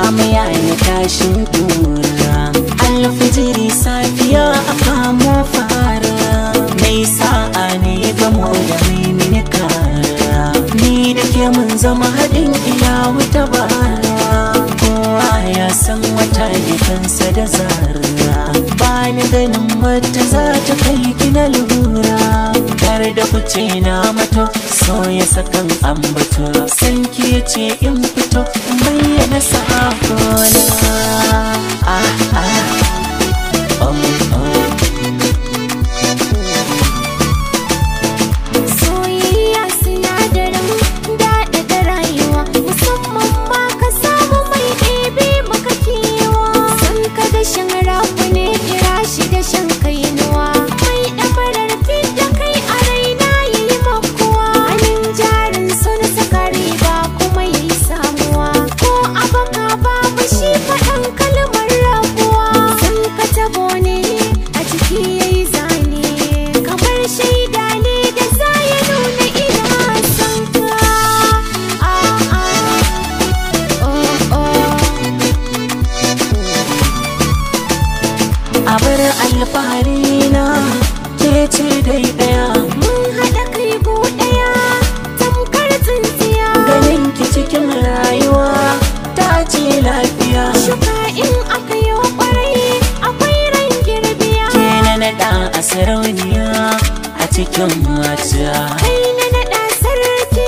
ajami tashin kura alfijiri safiya a kamo fara ne ga mu mini kara ni da ke mun zama haɗin ila wuta bara ya san wata kansa da zarra bani ganin mata za ta kai gina lura har da kuce na mato so ya sakan ambato san ki ce in fito bayyana sakona. Matar alfahari na ke ce dai daya Mun haɗa kai bu daya tamkar tsintsiya Ganin ki cikin rayuwa ta ce lafiya Shuka in aka yi kwarai akwai ran girbiya Ke na naɗa a sarauniya a cikin mata Kai na naɗa sarki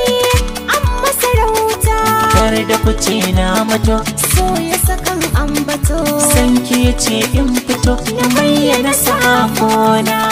amma sarauta Kar da kuce na mato so ya saka ambato sanki ce in fito na bayyana sakona